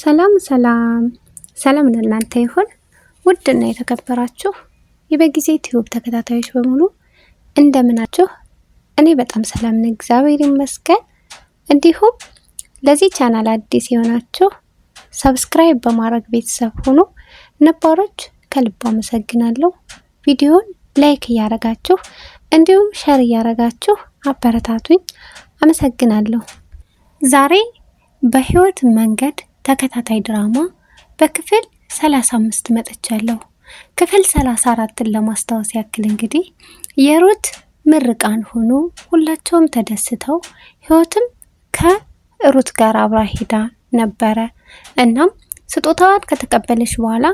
ሰላም ሰላም ሰላም ለእናንተ ይሁን። ውድና የተከበራችሁ የበጊዜ ቲዩብ ተከታታዮች በሙሉ እንደምናችሁ። እኔ በጣም ሰላም ነኝ፣ እግዚአብሔር ይመስገን። እንዲሁም ለዚህ ቻናል አዲስ የሆናችሁ ሰብስክራይብ በማድረግ ቤተሰብ ሁኑ። ነባሮች ከልብ አመሰግናለሁ። ቪዲዮን ላይክ እያረጋችሁ እንዲሁም ሸር እያረጋችሁ አበረታቱኝ። አመሰግናለሁ። ዛሬ በህይወት መንገድ ተከታታይ ድራማ በክፍል 35 መጥቻለሁ። ክፍል 34ን ለማስታወስ ያክል እንግዲህ የሩት ምርቃን ሆኖ ሁላቸውም ተደስተው ህይወትም ከሩት ጋር አብራ ሄዳ ነበረ። እናም ስጦታዋን ከተቀበለች በኋላ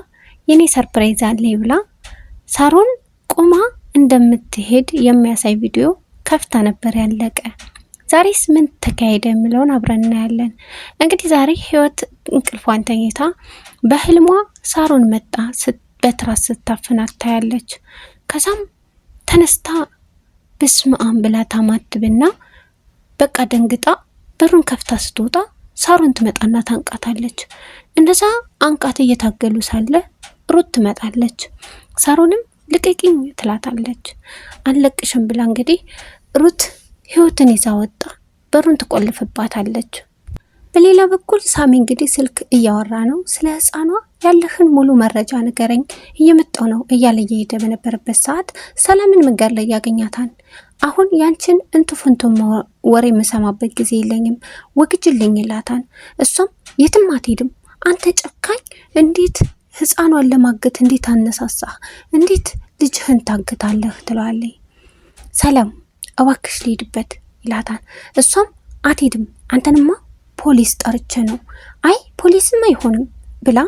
የኔ ሰርፕራይዝ አለ ብላ ሳሮን ቁማ እንደምትሄድ የሚያሳይ ቪዲዮ ከፍታ ነበር ያለቀ ዛሬስ ምን ተካሄደ የሚለውን አብረን እናያለን። እንግዲህ ዛሬ ህይወት እንቅልፏን ተኝታ በህልሟ ሳሮን መጣ በትራስ ስታፍናት ታያለች። ከዛም ተነስታ ብስምአን ብላ ታማትብና በቃ ደንግጣ በሩን ከፍታ ስትወጣ ሳሮን ትመጣና ታንቃታለች። እንደዛ አንቃት እየታገሉ ሳለ ሩት ትመጣለች። ሳሮንም ልቅቅኝ ትላታለች። አለቅሽም ብላ እንግዲህ ሩት ህይወትን ይዛ ወጣ። በሩን ትቆልፍባታለች። በሌላ በኩል ሳሚ እንግዲህ ስልክ እያወራ ነው። ስለ ህፃኗ ያለህን ሙሉ መረጃ ንገረኝ፣ እየመጣው ነው እያለ እየሄደ በነበረበት ሰዓት ሰላምን መንገድ ላይ ያገኛታል። አሁን ያንቺን እንትፍንቱን ወሬ የምሰማበት ጊዜ የለኝም፣ ወግጅልኝ ይላታል። እሷም የትም አትሄድም፣ አንተ ጨካኝ! እንዴት ህፃኗን ለማገት እንዴት አነሳሳህ? እንዴት ልጅህን ታግታለህ? ትለዋለች ሰላም እባክሽ ሊሄድበት ይላታል። እሷም አትሄድም፣ አንተንማ ፖሊስ ጠርቼ ነው። አይ ፖሊስም አይሆንም ብላ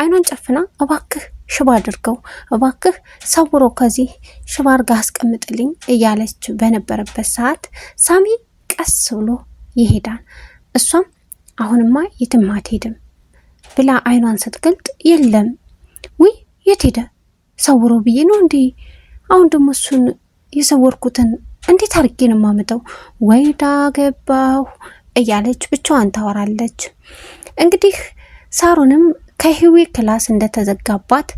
አይኗን ጨፍና እባክህ ሽባ አድርገው እባክህ ሰውሮ ከዚህ ሽባ አድርጋ አስቀምጥልኝ እያለች በነበረበት ሰዓት ሳሚ ቀስ ብሎ ይሄዳል። እሷም አሁንማ የትም አትሄድም ብላ አይኗን ስትገልጥ የለም ውይ የት ሄደ ሰውሮ ብዬ ነው እንዲህ አሁን ደግሞ እሱን የሰወርኩትን እንዴት አድርጌ ነው የማመጣው? ወይዳ ገባሁ እያለች ብቻዋን ታወራለች። እንግዲህ ሳሮንም ከህዊ ክላስ እንደተዘጋባት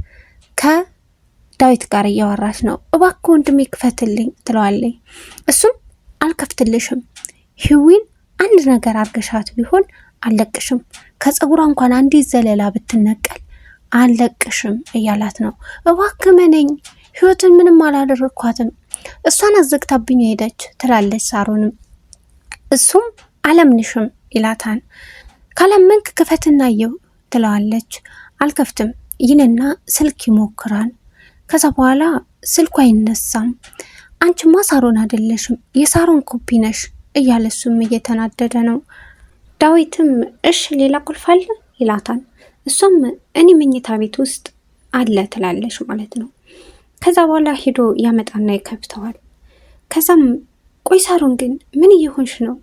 ከዳዊት ጋር እያወራች ነው። እባክህ ወንድሜ ክፈትልኝ ትለዋለኝ። እሱም አልከፍትልሽም፣ ህዊን አንድ ነገር አርገሻት ቢሆን አልለቅሽም፣ ከፀጉሯ እንኳን አንዲት ዘለላ ብትነቀል አለቅሽም እያላት ነው። እባክህ መነኝ፣ ህይወትን ምንም አላደረግኳትም እሷን አዘግታብኝ ሄደች ትላለች። ሳሮንም እሱም አለምንሽም ይላታል። ካላመንክ ክፈትና የው ትለዋለች። አልከፍትም ይንና ስልክ ይሞክራል። ከዛ በኋላ ስልኩ አይነሳም። አንቺማ ሳሮን አይደለሽም የሳሮን ኮፒ ነሽ እያለ እሱም እየተናደደ ነው። ዳዊትም እሽ ሌላ ቁልፍ አለ ይላታል። እሷም እኔ መኝታ ቤት ውስጥ አለ ትላለች ማለት ነው። ከዛ በኋላ ሄዶ ያመጣና ይከብተዋል። ከዛም ቆይ ሳሮን ግን ምን እየሆንሽ ነው?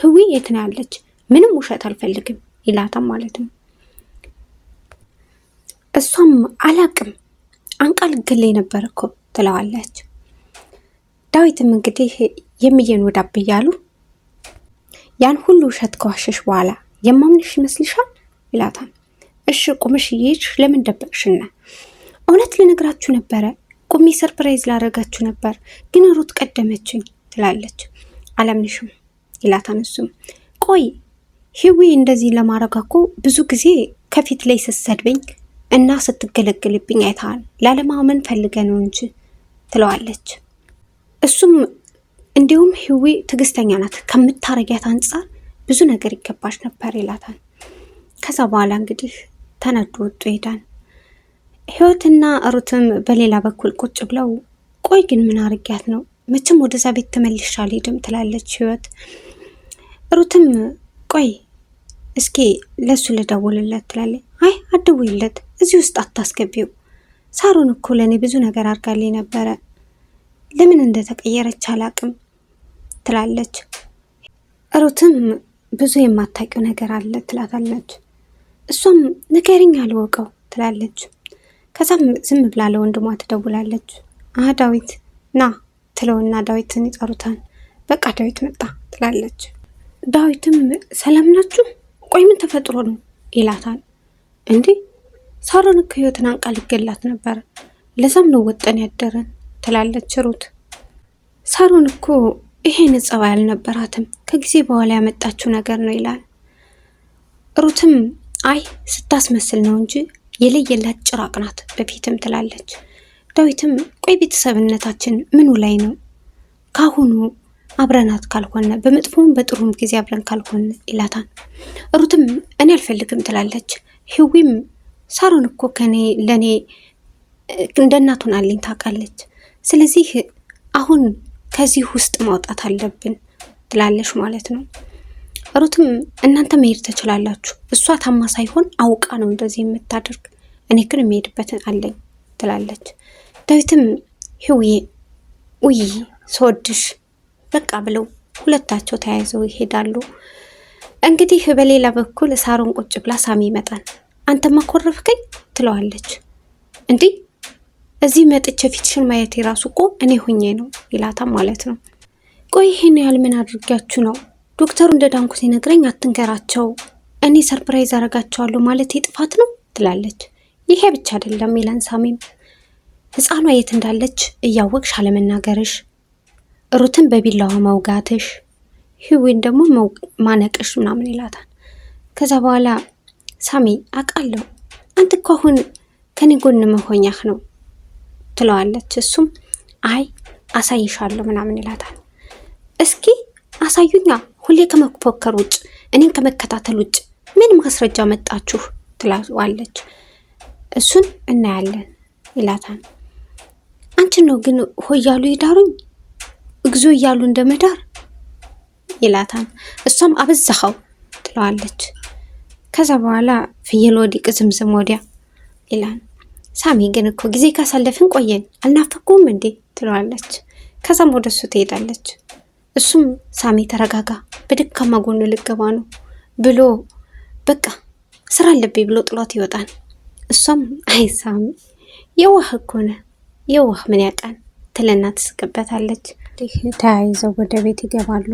ህዊ የት ነው ያለች? ምንም ውሸት አልፈልግም ይላታም ማለት ነው። እሷም አላቅም አንቃል ልገል ነበር እኮ ትለዋለች። ዳዊትም እንግዲህ የሚየን ወዳብ እያሉ ያን ሁሉ ውሸት ከዋሸሽ በኋላ የማምንሽ ይመስልሻል ይላታል። እሺ ቁምሽ ይይሽ ለምን ደበቅሽና? እውነት ልነግራችሁ ነበረ ቁሚ ሰርፕራይዝ ላደረጋችሁ ነበር፣ ግን ሩት ቀደመችኝ ትላለች። አላምንሽም ይላታል። እሱም ቆይ ሂዊ እንደዚህ ለማድረግ እኮ ብዙ ጊዜ ከፊት ላይ ስትሰድበኝ እና ስትገለግልብኝ አይተሃል። ላለማመን ፈልገ ነው እንጂ ትለዋለች። እሱም እንዲሁም ሂዊ ትዕግስተኛ ናት፣ ከምታረጊያት አንጻር ብዙ ነገር ይገባሽ ነበር ይላታል። ከዛ በኋላ እንግዲህ ተነዶ ወጡ ይሄዳል። ህይወትና ሩትም በሌላ በኩል ቁጭ ብለው ቆይ ግን ምን አርጊያት ነው መቼም ወደዛ ቤት ተመልሼ አልሄድም ትላለች ህይወት። ሩትም ቆይ እስኪ ለሱ ልደውልለት ትላለች። አይ አደውይለት እዚህ ውስጥ አታስገቢው። ሳሩን እኮ ለእኔ ብዙ ነገር አድርጋልኝ ነበረ፣ ለምን እንደተቀየረች አላቅም ትላለች። ሩትም ብዙ የማታውቂው ነገር አለ ትላታለች። እሷም ንገሪኝ አልወቀው ትላለች። ከዛም ዝም ብላ ለወንድሟ ትደውላለች። አህ ዳዊት ና ትለውና ዳዊትን ይጠሩታል። በቃ ዳዊት መጣ ትላለች። ዳዊትም ሰላም ናችሁ? ቆይ ምን ተፈጥሮ ነው ይላታል። እንዴ ሳሮን እኮ ህይወትን አንቃ ልገላት ነበር፣ ለዛም ነው ወጠን ያደረን ትላለች ሩት። ሳሮን እኮ ይሄን ጸባይ አልነበራትም፣ ከጊዜ በኋላ ያመጣችው ነገር ነው ይላል። ሩትም አይ ስታስመስል ነው እንጂ የለየላት ጭራቅ ናት በፊትም ትላለች። ዳዊትም ቆይ ቤተሰብነታችን ምኑ ላይ ነው? ካሁኑ አብረናት ካልሆነ በመጥፎም በጥሩም ጊዜ አብረን ካልሆነ ይላታል። ሩትም እኔ አልፈልግም ትላለች። ህዊም ሳሮን እኮ ከኔ ለእኔ እንደ እናት ሆናልኝ ታውቃለች። ስለዚህ አሁን ከዚህ ውስጥ ማውጣት አለብን ትላለች ማለት ነው። ሩትም እናንተ መሄድ ትችላላችሁ፣ እሷ ታማ ሳይሆን አውቃ ነው እንደዚህ የምታደርግ፣ እኔ ግን የሚሄድበትን አለኝ ትላለች። ዳዊትም ህውዬ ውይ ስወድሽ በቃ ብለው ሁለታቸው ተያይዘው ይሄዳሉ። እንግዲህ በሌላ በኩል ሳሮን ቁጭ ብላ ሳሚ ይመጣል። አንተማ ማኮረፍከኝ ትለዋለች። እንዲህ እዚህ መጥቼ ፊትሽን ማየት የራሱ እኮ እኔ ሁኜ ነው ይላታ ማለት ነው። ቆይ ይሄን ያህል ምን አድርጊያችሁ ነው ዶክተሩ እንደ ዳንኩ ሲነግረኝ አትንገራቸው፣ እኔ ሰርፕራይዝ አረጋቸዋለሁ ማለት ጥፋት ነው ትላለች። ይሄ ብቻ አይደለም ይላን ሳሚም፣ ህፃኗ የት እንዳለች እያወቅሽ አለመናገርሽ፣ ሩትን በቢላዋ መውጋትሽ፣ ህዊን ደግሞ ማነቅሽ ምናምን ይላታል። ከዛ በኋላ ሳሚ አውቃለሁ አንተ እኮ አሁን ከኔ ጎን መሆኛህ ነው ትለዋለች። እሱም አይ አሳይሻለሁ ምናምን ይላታል። እስኪ አሳዩኛ ሁሌ ከመፎከር ውጭ እኔን ከመከታተል ውጭ ምን ማስረጃ መጣችሁ? ትላዋለች እሱን እናያለን ይላታል። አንቺን ነው ግን ሆ እያሉ ይዳሩኝ እግዞ እያሉ እንደ መዳር ይላታል። እሷም አበዛኸው ትለዋለች። ከዛ በኋላ ፍየል ወዲቅ ዝምዝም ወዲያ ይላል። ሳሚ ግን እኮ ጊዜ ካሳለፍን ቆየን አልናፈቁም እንዴ? ትለዋለች። ከዛም ወደ እሱ ትሄዳለች። እሱም ሳሚ ተረጋጋ፣ በደካማ ጎኑ ልገባ ነው ብሎ በቃ ስራ አለብኝ ብሎ ጥሏት ይወጣል። እሷም አይ ሳሚ የዋህ እኮ ነህ፣ የዋህ ምን ያውቃል ትለና ትስቅበታለች። ተያይዘው ወደ ቤት ይገባሉ።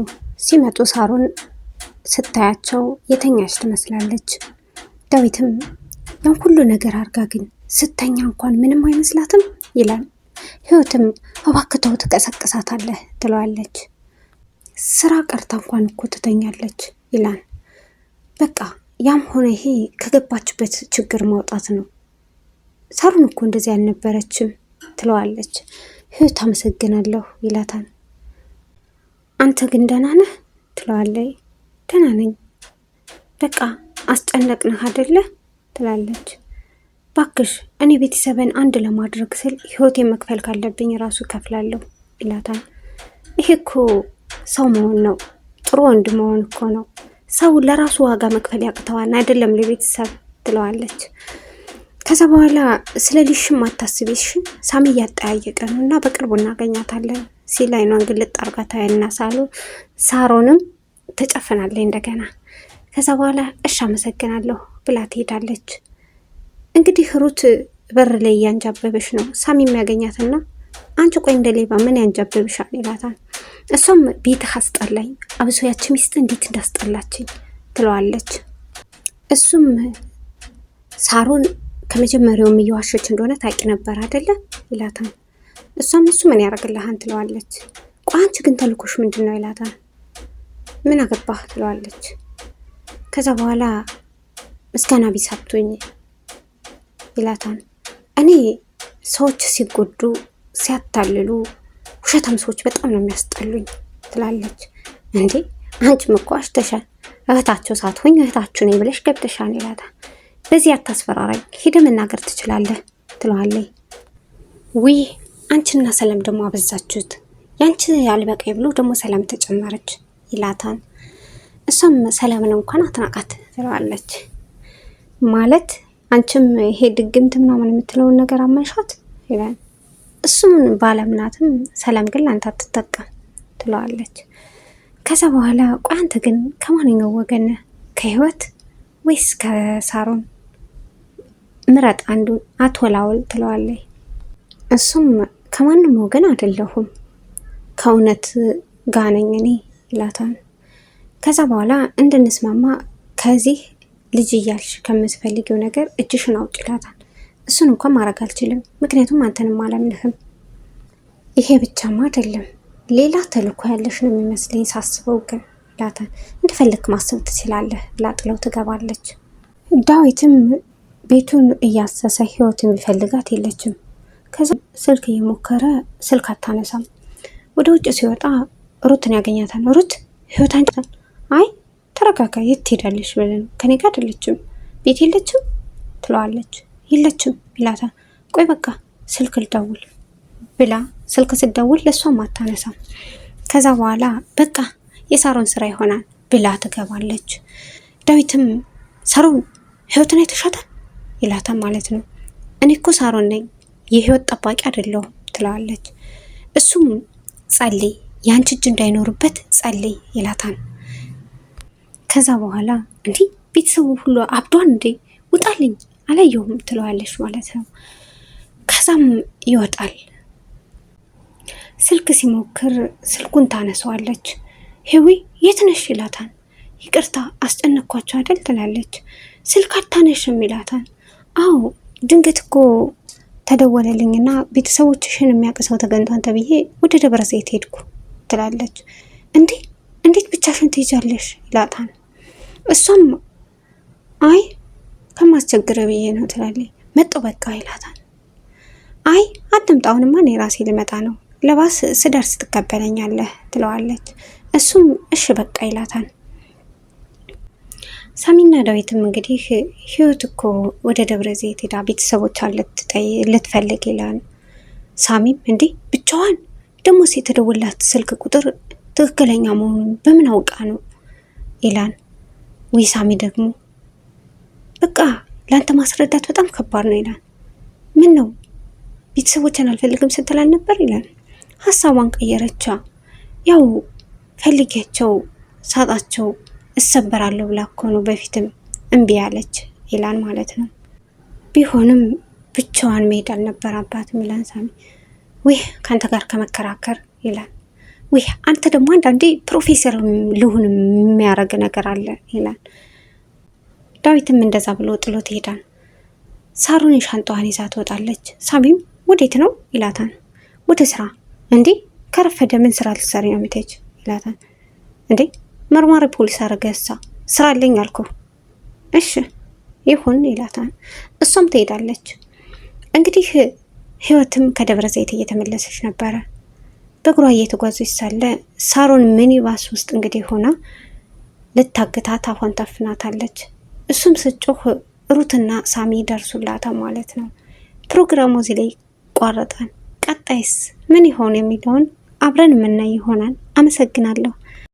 ሲመጡ ሳሮን ስታያቸው የተኛች ትመስላለች። ዳዊትም ያን ሁሉ ነገር አድርጋ ግን ስተኛ እንኳን ምንም አይመስላትም ይላል። ህይወትም እባክህ ተው ትቀሰቅሳታለህ ትለዋለች። ስራ ቀርታ እንኳን እኮ ትተኛለች ይላል። በቃ ያም ሆነ ይሄ ከገባችበት ችግር ማውጣት ነው። ሳሩን እኮ እንደዚህ አልነበረችም ትለዋለች። ህይወት አመሰግናለሁ ይላታል። አንተ ግን ደህና ነህ ትለዋለች። ደህና ነኝ። በቃ አስጨነቅንህ አደለ ትላለች። ባክሽ እኔ ቤተሰብን አንድ ለማድረግ ስል ህይወቴ መክፈል ካለብኝ ራሱ እከፍላለሁ ይላታል። ይሄ እኮ ሰው መሆን ነው። ጥሩ ወንድ መሆን እኮ ነው። ሰው ለራሱ ዋጋ መክፈል ያቅተዋል አይደለም ለቤተሰብ ትለዋለች። ከዛ በኋላ ስለ ልሽም አታስቢሽ ሳሚ እያጠያየቀ ነው እና በቅርቡ እናገኛታለን ሲል አይኗን ግልጥ አርጋታ እና ሳሉ ሳሮንም ተጨፍናለች እንደገና። ከዛ በኋላ እሺ አመሰግናለሁ ብላ ትሄዳለች። እንግዲህ ሩት በር ላይ እያንጃበበች ነው ሳሚ የሚያገኛትና አንቺ ቆይ እንደሌባ ምን ያንጀብብሻል ይላታል። እሷም ቤትህ አስጠላኝ፣ አብሶ ያቺ ሚስት እንዴት እንዳስጠላችኝ ትለዋለች። እሱም ሳሮን ከመጀመሪያውም እየዋሸች እንደሆነ ታውቂ ነበር አይደለ ይላታል። እሷም እሱ ምን ያደርግልሃን ትለዋለች። ቆይ አንቺ ግን ተልኮሽ ምንድን ነው ይላታል። ምን አገባህ ትለዋለች። ከዛ በኋላ ምስጋና ቢሳብቶኝ ይላታል። እኔ ሰዎች ሲጎዱ ሲያታልሉ ውሸታም ሰዎች በጣም ነው የሚያስጠሉኝ ትላለች። እንዴ አንቺም እኮ አሽተሻል፣ እህታቸው ሳትሆኝ እህታችሁ ነኝ ብለሽ ገብተሻል ይላታል። በዚህ አታስፈራራኝ፣ ሄደ መናገር ትችላለህ ትለዋለች። ውይ አንቺና ሰላም ደግሞ አበዛችሁት፣ ያንቺ ያልበቃኝ ብሎ ደግሞ ሰላም ተጨመረች ይላታል። እሷም ሰላምን እንኳን አትናቃት ትለዋለች። ማለት አንቺም ይሄ ድግምት ምናምን የምትለውን ነገር አመንሻት ይላል። እሱም ባለምናትም ሰላም ግን ላንተ አትጠቀም ትለዋለች። ከዛ በኋላ ቆይ አንተ ግን ከማንኛው ወገን ከህይወት ወይስ ከሳሮን ምረጥ አንዱን አትወላወል ትለዋለች። እሱም ከማንም ወገን አይደለሁም ከእውነት ጋር ነኝ እኔ ይላታል። ከዛ በኋላ እንድንስማማ ከዚህ ልጅ እያልሽ ከምትፈልጊው ነገር እጅሽን አውጭ ይላታል። እሱን እንኳን ማድረግ አልችልም፣ ምክንያቱም አንተንም አላምንህም። ይሄ ብቻማ አይደለም ሌላ ተልእኮ ያለሽ ነው የሚመስለኝ ሳስበው። ግን ላተ እንደፈለግክ ማሰብ ትችላለህ ብላ ጥለው ትገባለች። ዳዊትም ቤቱን እያሰሰ ህይወት የሚፈልጋት የለችም። ከዛ ስልክ እየሞከረ ስልክ አታነሳም። ወደ ውጭ ሲወጣ ሩትን ያገኛታል። ሩት ህይወት አይ ተረጋጋ፣ የት ትሄዳለች ብለን ከኔ ጋር አይደለችም ቤት የለችም ትለዋለች። የለችም ይላታል። ቆይ በቃ ስልክ ልደውል ብላ ስልክ ስደውል ለእሷም አታነሳም። ከዛ በኋላ በቃ የሳሮን ስራ ይሆናል ብላ ትገባለች። ዳዊትም ሳሮን ህይወትን አይተሻታል ይላታል ማለት ነው። እኔ እኮ ሳሮን ነኝ የህይወት ጠባቂ አይደለሁም ትለዋለች። እሱም ጸልይ፣ የአንቺ እጅ እንዳይኖርበት ጸልይ ይላታል። ከዛ በኋላ እንዲህ ቤተሰቡ ሁሉ አብዷን እንዴ ውጣልኝ አላየሁም ትለዋለች ማለት ነው። ከዛም ይወጣል። ስልክ ሲሞክር ስልኩን ታነሰዋለች። ሄዊ የት ነሽ ይላታል። ይቅርታ አስጨነኳቸው አይደል ትላለች። ስልክ አታነሽም ይላታል። አዎ ድንገት እኮ ተደወለልኝና ቤተሰቦችሽን የሚያውቅ ሰው ተብዬ ወደ ደብረ ዘይት ሄድኩ ትላለች። እንዴ እንዴት ብቻሽን ትይዣለሽ ይላታል። እሷም አይ ከማስቸግረ ብዬ ነው ትላለች። መጦ በቃ ይላታል። አይ አትምጣውንማ እኔ ራሴ ልመጣ ነው ለባስ ስደርስ ትቀበለኛለህ ትለዋለች። እሱም እሽ በቃ ይላታል። ሳሚና ዳዊትም እንግዲህ ህይወት እኮ ወደ ደብረ ዘይት ሄዳ ቤተሰቦቿን ልትፈልግ ይላል። ሳሚም እንዴ ብቻዋን ደግሞስ የተደወላት ስልክ ቁጥር ትክክለኛ መሆኑን በምን አውቃ ነው ይላል። ዊ ሳሚ ደግሞ በቃ ለአንተ ማስረዳት በጣም ከባድ ነው ይላል። ምን ነው ቤተሰቦችን አልፈልግም ስትል አልነበር ይላል። ሀሳቧን ቀየረቻ። ያው ፈልጌያቸው ሳጣቸው እሰበራለሁ ብላ እኮ ነው በፊትም እምቢ ያለች ይላል ማለት ነው። ቢሆንም ብቻዋን መሄድ አልነበረባትም ይላል ሳሚ። ውህ ከአንተ ጋር ከመከራከር ይላል። ውህ አንተ ደግሞ አንዳንዴ ፕሮፌሰር ልሁን የሚያደርግ ነገር አለ ይላል። ዳዊትም እንደዛ ብሎ ጥሎት ይሄዳል። ሳሩን የሻንጣዋን ይዛ ትወጣለች። ሳሚም ወዴት ነው ይላታል። ወደ ስራ። እንዴ ከረፈደ ምን ስራ ልትሰሪ ነው የምትሄጅ? ይላታል። እንዴ መርማሪ ፖሊስ አረገሳ ስራ አለኝ አልኩ። እሺ ይሁን ይላታል። እሷም ትሄዳለች። እንግዲህ ህይወትም ከደብረ ዘይት እየተመለሰች ነበረ። በእግሯ እየተጓዘች ሳለ ሳሮን ሚኒባስ ውስጥ እንግዲህ ሆና ልታግታት አፏን ታፍናታለች። እሱም ስጮህ ሩትና ሳሚ ደርሱላታ ማለት ነው። ፕሮግራሙ እዚህ ላይ ይቋረጣል። ቀጣይስ ምን ይሆን የሚለውን አብረን የምናይ ይሆናል። አመሰግናለሁ።